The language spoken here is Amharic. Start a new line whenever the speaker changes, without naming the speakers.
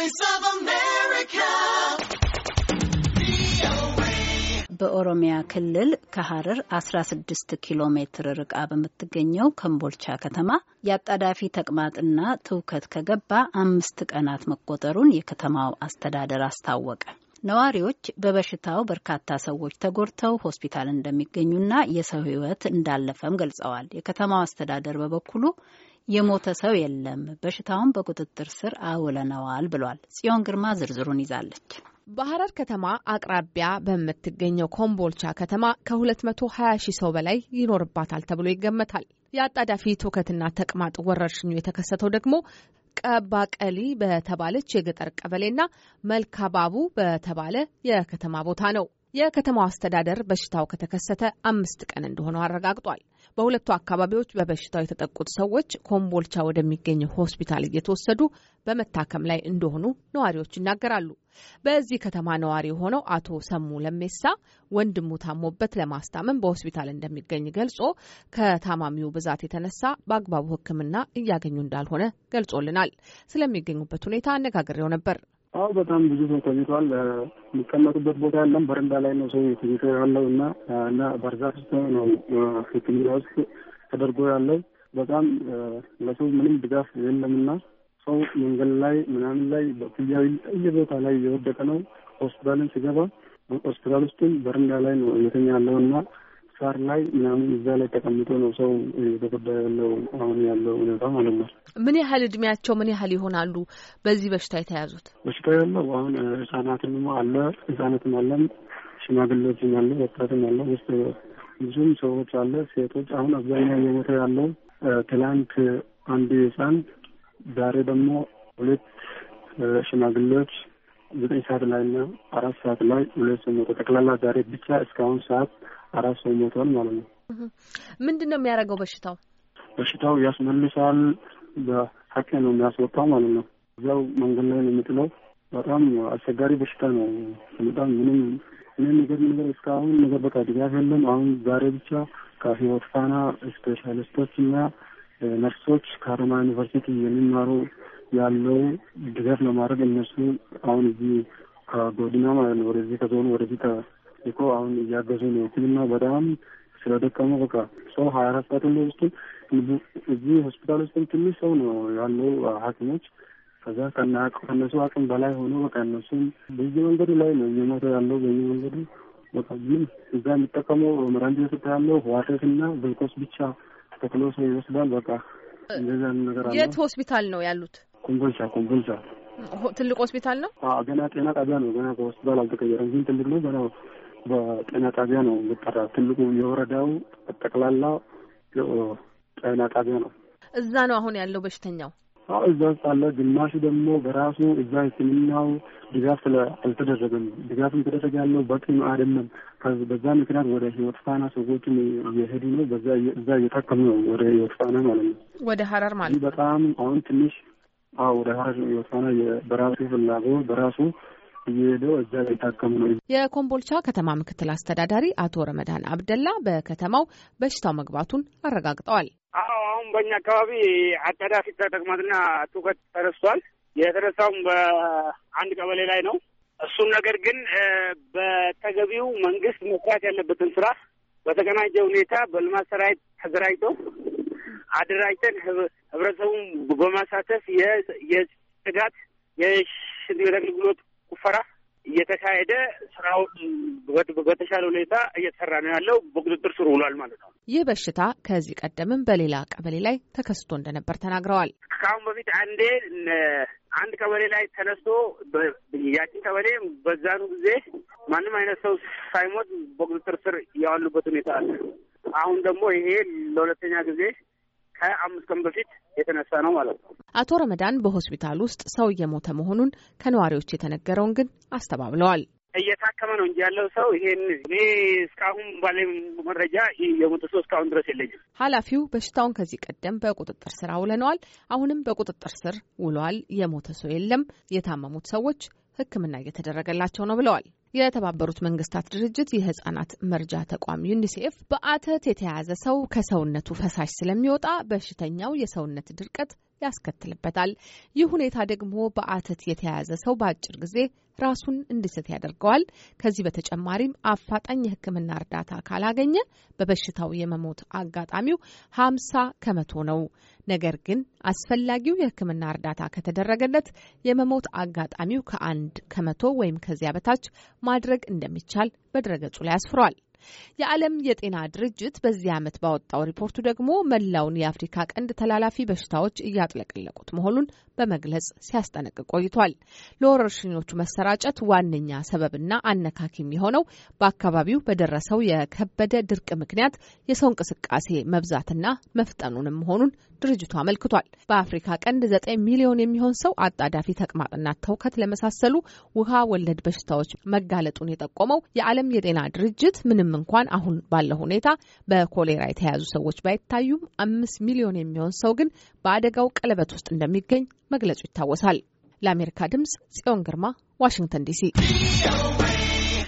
Voice of America. በኦሮሚያ ክልል ከሐረር 16 ኪሎ ሜትር ርቃ በምትገኘው ከምቦልቻ ከተማ የአጣዳፊ ተቅማጥና ትውከት ከገባ አምስት ቀናት መቆጠሩን የከተማው አስተዳደር አስታወቀ። ነዋሪዎች በበሽታው በርካታ ሰዎች ተጎድተው ሆስፒታል እንደሚገኙና የሰው ሕይወት እንዳለፈም ገልጸዋል። የከተማው አስተዳደር በበኩሉ የሞተ ሰው የለም፣ በሽታውን በቁጥጥር ስር አውለነዋል ብሏል። ጽዮን ግርማ ዝርዝሩን ይዛለች። በሐረር ከተማ አቅራቢያ በምትገኘው ኮምቦልቻ ከተማ ከ220 ሺህ ሰው በላይ ይኖርባታል ተብሎ ይገመታል። የአጣዳፊ ትውከትና ተቅማጥ ወረርሽኙ የተከሰተው ደግሞ ቀባቀሊ በተባለች የገጠር ቀበሌና መልካባቡ በተባለ የከተማ ቦታ ነው። የከተማው አስተዳደር በሽታው ከተከሰተ አምስት ቀን እንደሆነው አረጋግጧል። በሁለቱ አካባቢዎች በበሽታው የተጠቁት ሰዎች ኮምቦልቻ ወደሚገኘው ሆስፒታል እየተወሰዱ በመታከም ላይ እንደሆኑ ነዋሪዎች ይናገራሉ። በዚህ ከተማ ነዋሪ የሆነው አቶ ሰሙ ለሜሳ ወንድሙ ታሞበት ለማስታመም በሆስፒታል እንደሚገኝ ገልጾ ከታማሚው ብዛት የተነሳ በአግባቡ ሕክምና እያገኙ እንዳልሆነ ገልጾልናል። ስለሚገኙበት ሁኔታ አነጋግሬው ነበር።
አዎ በጣም ብዙ ሰው ተኝቷል። የሚቀመጡበት ቦታ የለም። በረንዳ ላይ ነው ሰው ተኝቶ ያለው እና እና ስ ነው ሕክምና ውስጥ ተደርጎ ያለው በጣም ለሰው ምንም ድጋፍ የለምና ሰው መንገድ ላይ ምናምን ላይ በክያዊ ቦታ ላይ እየወደቀ ነው። ሆስፒታልን ሲገባ ሆስፒታል ውስጥም በረንዳ ላይ ነው እየተኛ ያለው እና ሳር ላይ ምናምን እዛ ላይ ተቀምጦ ነው ሰው የተጎዳ ያለው አሁን ያለው ሁኔታ ማለት ነው።
ምን ያህል እድሜያቸው ምን ያህል ይሆናሉ በዚህ በሽታ የተያዙት?
በሽታ ያለው አሁን ህጻናትም አለ ህጻናትም አለም ሽማግሌዎችም አለ ወጣትም አለ ውስጥ ብዙም ሰዎች አለ ሴቶች። አሁን አብዛኛው የሞተ ያለው ትላንት አንድ ህጻን ዛሬ ደግሞ ሁለት ሽማግሌዎች ዘጠኝ ሰዓት ላይ እና አራት ሰዓት ላይ ሁለት ሰው ሞቷል። ጠቅላላ ዛሬ ብቻ እስካሁን ሰዓት አራት ሰው ሞቷል ማለት ነው።
ምንድን ነው የሚያደርገው በሽታው?
በሽታው ያስመልሳል። በሀቅ ነው የሚያስወጣው ማለት ነው። እዚያው መንገድ ላይ ነው የምጥለው። በጣም አስቸጋሪ በሽታ ነው። በጣም ምንም እኔ ነገር ነገር እስካሁን ነገር በቃ ድጋፍ የለም። አሁን ዛሬ ብቻ ከህይወት ፋና ስፔሻሊስቶች እና ነርሶች ከአረማ ዩኒቨርሲቲ የሚማሩ ያለው ድጋፍ ለማድረግ እነሱ አሁን እዚህ ከጎድና ማለት ነው ወደዚህ ከዞኑ ወደዚህ ተልኮ አሁን እያገዙ ነው። ሕክምና በጣም ስለደቀሙ በቃ ሰው ሀያ አራት ሰዓት ነው ውስጡ እዚህ ሆስፒታል ውስጥም ትንሽ ሰው ነው ያለው ሐኪሞች ከዛ ከነሱ አቅም በላይ ሆኖ በቃ እነሱም በየ መንገዱ ላይ ነው እየሞተ ያለው በየ መንገዱ በቃ ግን እዛ የሚጠቀመው መድኃኒት ውስጥ ያለው ዋተት እና ግልኮስ ብቻ ተክሎ ሰው ይወስዳል። በቃ እንደዛ ነገር የት
ሆስፒታል ነው ያሉት?
ኮንጎልቻ ኮንጎልቻ
ትልቅ ሆስፒታል ነው።
ገና ጤና ጣቢያ ነው። ገና በሆስፒታል አልተቀየረም፣ ግን ትልቅ ነው። ገና በጤና ጣቢያ ነው የሚጠራ። ትልቁ የወረዳው ጠቅላላ ጤና ጣቢያ ነው።
እዛ ነው አሁን ያለው በሽተኛው
እዛ ውስጥ አለ። ግማሹ ደግሞ በራሱ እዛ ሕክምናው ድጋፍ አልተደረገም። ድጋፍ ተደረገ ያለው በቂ ነው አይደለም። በዛ ምክንያት ወደ ህይወት ፋና ሰዎችም እየሄዱ ነው። በዛ እዛ እየታከሙ ነው፣ ወደ ህይወት ፋና ማለት ነው፣
ወደ ሀረር ማለት ነው።
በጣም አሁን ትንሽ አዎ ለራሱ የሆነ በራሱ ፍላጎት በራሱ እየሄደው እዛ ላይ ነው።
የኮምቦልቻ ከተማ ምክትል አስተዳዳሪ አቶ ረመዳን አብደላ በከተማው በሽታው መግባቱን አረጋግጠዋል።
አዎ አሁን በእኛ አካባቢ አጣዳፊ ተቅማጥና ትውከት ተነስቷል። የተነሳውም በአንድ ቀበሌ ላይ ነው። እሱም ነገር ግን በተገቢው መንግስት መስራት ያለበትን ስራ በተቀናጀ ሁኔታ በልማት ሰራዊት ተዘራጅተው አደራጅተን ህብረተሰቡን በማሳተፍ የጽዳት የሽንት ቤት አገልግሎት ቁፈራ እየተካሄደ ስራውን በተሻለ ሁኔታ እየተሰራ ነው ያለው። በቁጥጥር ስር ውሏል ማለት ነው።
ይህ በሽታ ከዚህ ቀደምም በሌላ ቀበሌ ላይ ተከስቶ እንደነበር ተናግረዋል።
ከአሁን በፊት አንዴ አንድ ቀበሌ ላይ ተነስቶ ያችን ቀበሌ በዛኑ ጊዜ ማንም አይነት ሰው ሳይሞት በቁጥጥር ስር ያዋሉበት ሁኔታ አለ። አሁን ደግሞ ይሄ ለሁለተኛ ጊዜ ሀያ አምስት ቀን በፊት የተነሳ ነው ማለት ነው።
አቶ ረመዳን በሆስፒታል ውስጥ ሰው እየሞተ መሆኑን ከነዋሪዎች የተነገረውን ግን አስተባብለዋል።
እየታከመ ነው እንጂ ያለው ሰው ይሄን እኔ እስካሁን ባለ መረጃ የሞተ ሰው እስካሁን ድረስ የለኝም።
ኃላፊው በሽታውን ከዚህ ቀደም በቁጥጥር ስር አውለነዋል፣ አሁንም በቁጥጥር ስር ውሏል፣ የሞተ ሰው የለም፣ የታመሙት ሰዎች ሕክምና እየተደረገላቸው ነው ብለዋል። የተባበሩት መንግስታት ድርጅት የህጻናት መርጃ ተቋም ዩኒሴፍ በአተት የተያዘ ሰው ከሰውነቱ ፈሳሽ ስለሚወጣ በሽተኛው የሰውነት ድርቀት ያስከትልበታል። ይህ ሁኔታ ደግሞ በአተት የተያያዘ ሰው በአጭር ጊዜ ራሱን እንዲስት ያደርገዋል። ከዚህ በተጨማሪም አፋጣኝ የሕክምና እርዳታ ካላገኘ በበሽታው የመሞት አጋጣሚው ሀምሳ ከመቶ ነው። ነገር ግን አስፈላጊው የሕክምና እርዳታ ከተደረገለት የመሞት አጋጣሚው ከአንድ ከመቶ ወይም ከዚያ በታች ማድረግ እንደሚቻል በድረገጹ ላይ አስፍሯል። የዓለም የጤና ድርጅት በዚህ ዓመት ባወጣው ሪፖርቱ ደግሞ መላውን የአፍሪካ ቀንድ ተላላፊ በሽታዎች እያጥለቀለቁት መሆኑን በመግለጽ ሲያስጠነቅቅ ቆይቷል። ለወረርሽኞቹ መሰራጨት ዋነኛ ሰበብና አነካኪም የሆነው በአካባቢው በደረሰው የከበደ ድርቅ ምክንያት የሰው እንቅስቃሴ መብዛትና መፍጠኑንም መሆኑን ድርጅቱ አመልክቷል። በአፍሪካ ቀንድ ዘጠኝ ሚሊዮን የሚሆን ሰው አጣዳፊ ተቅማጥና ተውከት ለመሳሰሉ ውሃ ወለድ በሽታዎች መጋለጡን የጠቆመው የዓለም የጤና ድርጅት ምንም ምንም እንኳን አሁን ባለው ሁኔታ በኮሌራ የተያዙ ሰዎች ባይታዩም አምስት ሚሊዮን የሚሆን ሰው ግን በአደጋው ቀለበት ውስጥ እንደሚገኝ መግለጹ ይታወሳል። ለአሜሪካ ድምጽ ጽዮን ግርማ ዋሽንግተን ዲሲ